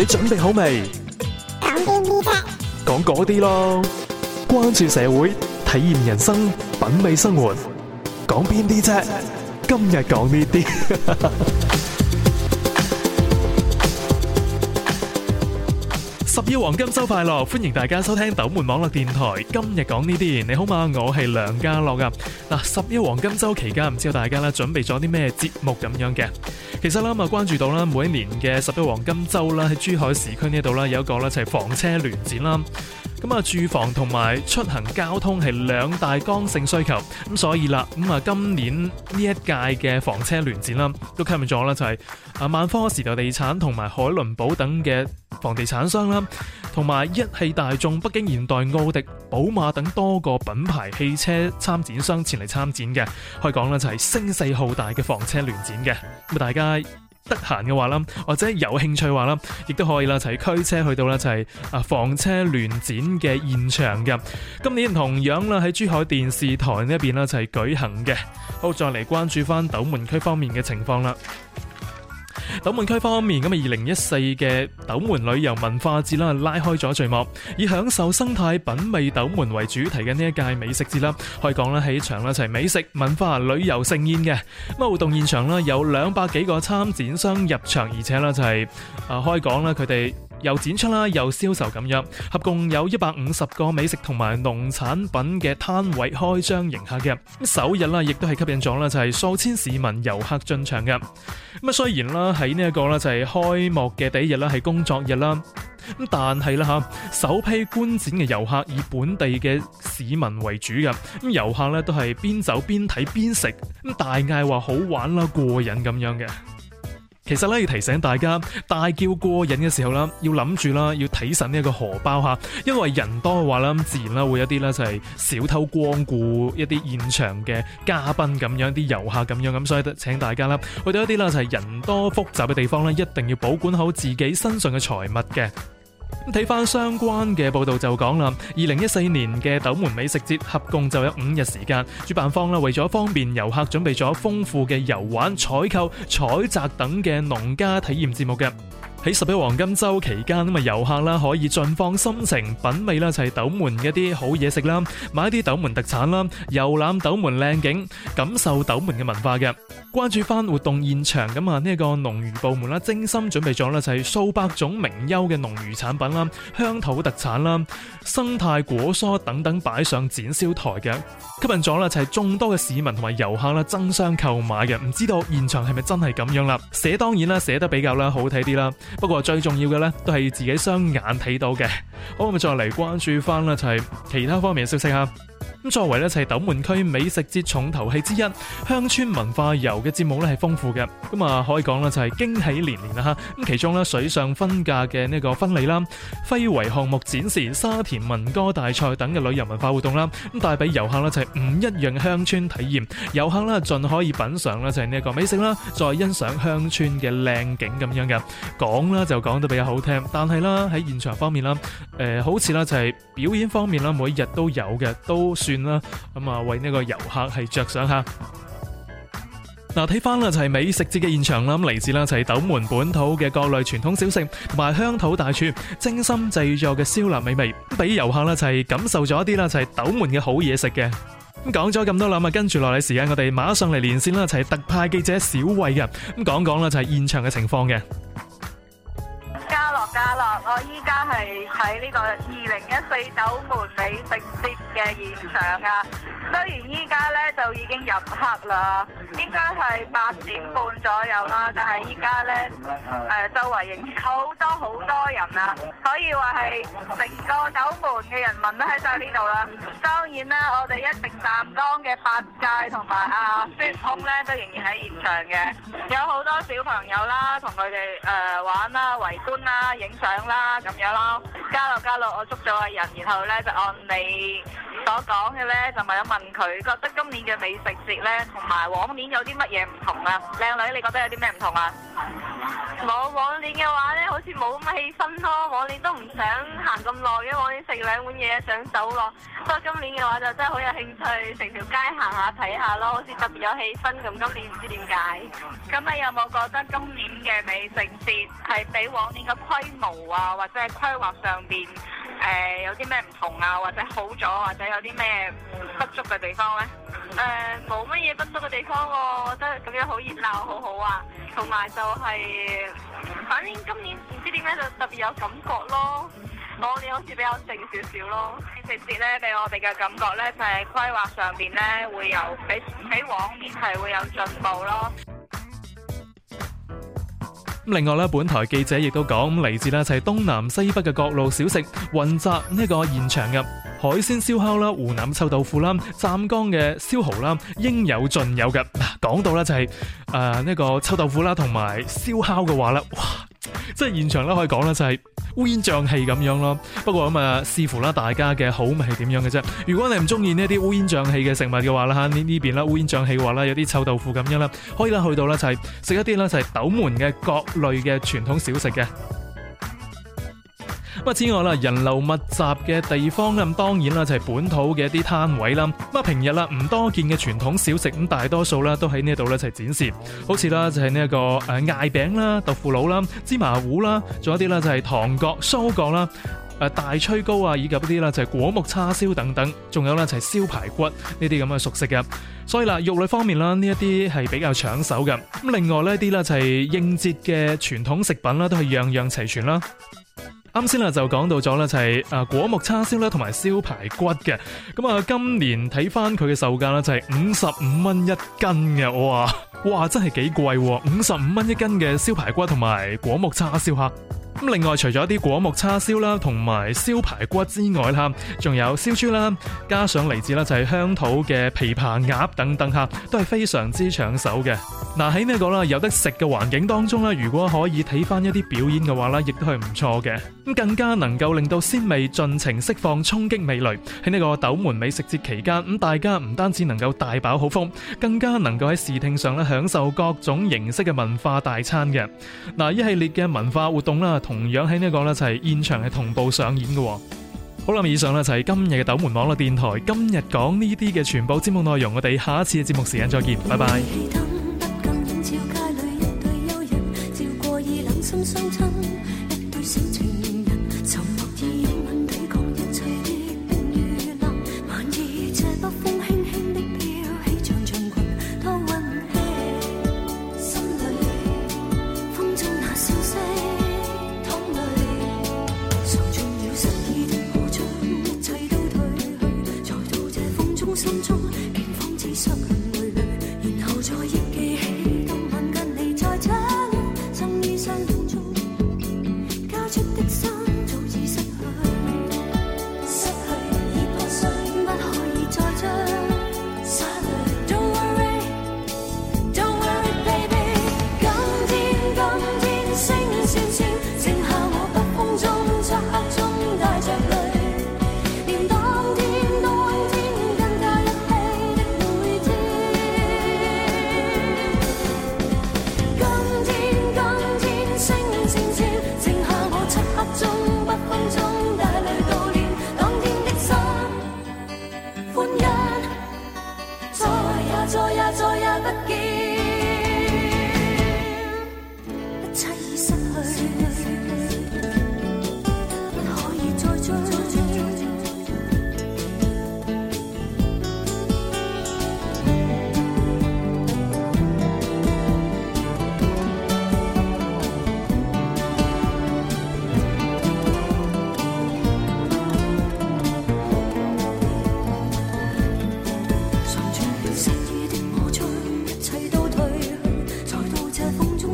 你準備好未？講邊啲啫？講嗰啲咯。關注社會，體驗人生，品味生活。講邊啲啫？今日講呢啲。十一黃金周快樂，歡迎大家收聽斗門網絡電台。今日講呢啲，你好嘛，我係梁家樂啊。嗱，十一黃金周期間，唔知道大家啦準備咗啲咩節目咁樣嘅。其實啦咁啊，關注到啦，每一年嘅十一黃金周啦，喺珠海市區呢度啦，有一個咧就係房車聯展啦。咁啊，住房同埋出行交通係兩大剛性需求，咁所以啦，咁啊，今年呢一屆嘅房車聯展啦，都吸引咗啦，就係啊，萬科時代地產同埋海倫堡等嘅房地產商啦，同埋一汽大眾、北京現代、奧迪、寶馬等多個品牌汽車參展商前嚟參展嘅，可以講咧就係聲勢浩大嘅房車聯展嘅，咁啊大家。得閒嘅話啦，或者有興趣嘅話啦，亦都可以啦，一齊驅車去到啦，就係啊房車聯展嘅現場嘅。今年同樣啦，喺珠海電視台呢一邊啦，就係舉行嘅。好，再嚟關注翻斗門區方面嘅情況啦。斗門區方面，咁啊，二零一四嘅斗門旅遊文化節啦，拉開咗序幕，以享受生態品味斗門為主題嘅呢一屆美食節啦，可以講咧係一場呢，就係美食文化旅遊盛宴嘅。咁活動現場呢，有兩百幾個參展商入場，而且呢，就係、是、啊，可以講咧佢哋。又展出啦，又銷售咁樣，合共有一百五十個美食同埋農產品嘅攤位開張迎客嘅。咁首日啦，亦都係吸引咗啦，就係數千市民遊客進場嘅。咁雖然啦喺呢一個啦就係開幕嘅第一日啦係工作日啦，咁但係啦吓首批觀展嘅遊客以本地嘅市民為主嘅。咁遊客咧都係邊走邊睇邊食，咁大嗌，話好玩啦、過癮咁樣嘅。其實咧要提醒大家，大叫過癮嘅時候啦，要諗住啦，要睇神呢一個荷包吓，因為人多嘅話咧，自然啦會有一啲咧就係小偷光顧一啲現場嘅嘉賓咁樣，啲遊客咁樣，咁所以請大家啦去到一啲啦就係人多複雜嘅地方咧，一定要保管好自己身上嘅財物嘅。睇翻相關嘅報道就講啦，二零一四年嘅斗門美食節合共就有五日時間，主辦方啦為咗方便遊客，準備咗豐富嘅遊玩、採購、採摘等嘅農家體驗節目嘅。喺十一黃金週期間咁啊，遊客啦可以盡放心情品味啦，就係斗門嘅一啲好嘢食啦，買啲斗門特產啦，遊覽斗門靚景，感受斗門嘅文化嘅。關注翻活動現場咁啊，呢一個農漁部門啦，精心準備咗啦，就係數百種名優嘅農漁產品啦、鄉土特產啦、生態果蔬等等擺上展銷台嘅，吸引咗啦就係眾多嘅市民同埋遊客啦爭相購買嘅。唔知道現場係咪真係咁樣啦？寫當然啦，寫得比較啦好睇啲啦。不過最重要嘅咧，都係自己雙眼睇到嘅。好，我哋再嚟關注返啦，就係其他方面嘅消息吓。咁作為咧就係斗門區美食節重頭戲之一，鄉村文化遊嘅節目咧係豐富嘅，咁啊可以講咧就係驚喜連連啦嚇，咁其中咧水上婚嫁嘅呢個婚禮啦、飛圍項目展示、沙田民歌大賽等嘅旅遊文化活動啦，咁帶俾遊客咧就係唔一樣嘅鄉村體驗，遊客咧盡可以品嚐咧就係呢一個美食啦，再欣賞鄉村嘅靚景咁樣嘅。講啦就講得比較好聽，但係啦喺現場方面啦，誒好似啦就係表演方面啦，每日都有嘅都。算啦，咁啊為呢個遊客係着想吓。嗱，睇翻啦，就係美食節嘅現場啦，咁嚟自啦就係斗門本土嘅各類傳統小食同埋鄉土大廚精心製作嘅燒臘美味，俾遊客啦就係感受咗一啲啦就係斗門嘅好嘢食嘅。講咗咁多啦，咁啊跟住落嚟時間，我哋馬上嚟連線啦，就係特派記者小慧嘅，咁講講啦就係現場嘅情況嘅。我依家係喺呢個二零一四九門美食節嘅現場啊！雖然依家咧就已經入黑啦，應該係八點半左右啦，但係依家咧誒周圍仍然好多好多人啊，可以話係成個斗門嘅人民都喺曬呢度啦。當然啦，我哋一直擔當嘅八戒同埋阿孫悟空咧都仍然喺現場嘅，有好多小朋友啦，同佢哋誒玩啦、圍觀啦、影相啦咁樣咯。加落加落，我捉咗個人，然後咧就按你所講嘅咧就問一問。佢覺得今年嘅美食節呢，同埋往年有啲乜嘢唔同啊？靚女，你覺得有啲咩唔同啊？冇，往年嘅話呢，好似冇咁氣氛咯，往年都唔想行咁耐嘅，往年食兩碗嘢想走咯。不過今年嘅話就真係好有興趣，成條街行下睇下咯，好似特別有氣氛咁。今年唔知點解。咁你有冇覺得今年嘅美食節係比往年嘅規模啊，或者係規劃上邊？誒、呃，有啲咩唔同啊？或者好咗，或者有啲咩不足嘅地方咧？誒、呃，冇乜嘢不足嘅地方喎、啊，覺得咁樣好熱鬧，好好啊。同埋就係、是，反正今年唔知點解就特別有感覺咯。我哋好似比較靜少少咯。直接咧俾我哋嘅感覺咧，就係規劃上邊咧會有比比往年係會有進步咯。另外咧，本台記者亦都講，嚟自咧就係東南西北嘅各路小食混雜呢一個現場嘅，海鮮燒烤啦、湖南臭豆腐啦、湛江嘅燒蠔啦，應有盡有嘅。講到咧就係誒呢個臭豆腐啦同埋燒烤嘅話啦，哇！即係現場咧，可以講咧就係烏煙瘴氣咁樣咯。不過咁、嗯、啊，視乎啦大家嘅好味係點樣嘅啫。如果你唔中意呢一啲烏煙瘴氣嘅食物嘅話啦，吓呢呢邊啦烏煙瘴氣嘅話啦，有啲臭豆腐咁樣啦，可以啦去到咧就係食一啲咧就係斗門嘅各類嘅傳統小食嘅。之外啦，人流密集嘅地方咧，咁當然啦，就係本土嘅一啲攤位啦。咁啊，平日啦唔多見嘅傳統小食，咁大多數啦都喺呢度咧一齊展示。好似啦，就係呢一個誒艾餅啦、豆腐腦啦、芝麻糊啦，仲有一啲啦就係糖角、酥角啦、誒大炊糕啊，以及呢啲啦就係果木叉燒等等，仲有啦就係燒排骨呢啲咁嘅熟食嘅。所以啦，肉類方面啦，呢一啲係比較搶手嘅。咁另外咧啲啦就係應節嘅傳統食品啦，都係樣樣齊全啦。啱先啦，剛剛到就講到咗咧，就係誒果木叉燒咧，同埋燒排骨嘅。咁啊，今年睇翻佢嘅售價咧，就係五十五蚊一斤嘅。我話，哇，真係幾貴喎！五十五蚊一斤嘅燒排骨同埋果木叉燒客。咁另外除咗一啲果木叉燒啦，同埋燒排骨之外啦，仲有燒豬啦，加上嚟自啦就係香土嘅琵琶鴨等等嚇，都係非常之搶手嘅。嗱，喺呢個啦有得食嘅環境當中呢，如果可以睇翻一啲表演嘅話咧，亦都係唔錯嘅。咁更加能夠令到鮮味盡情釋放，衝擊味蕾。喺呢個斗門美食節期間，咁大家唔單止能夠大飽口福，更加能夠喺視聽上咧享受各種形式嘅文化大餐嘅。嗱、啊，一系列嘅文化活動啦。同樣喺呢個呢，就係現場係同步上演嘅。好啦，以上呢，就係今日嘅斗門網絡電台。今日講呢啲嘅全部節目內容，我哋下一次嘅節目時間再見， 拜拜。 心中，竟仿似傷痕累累，然後再憶記。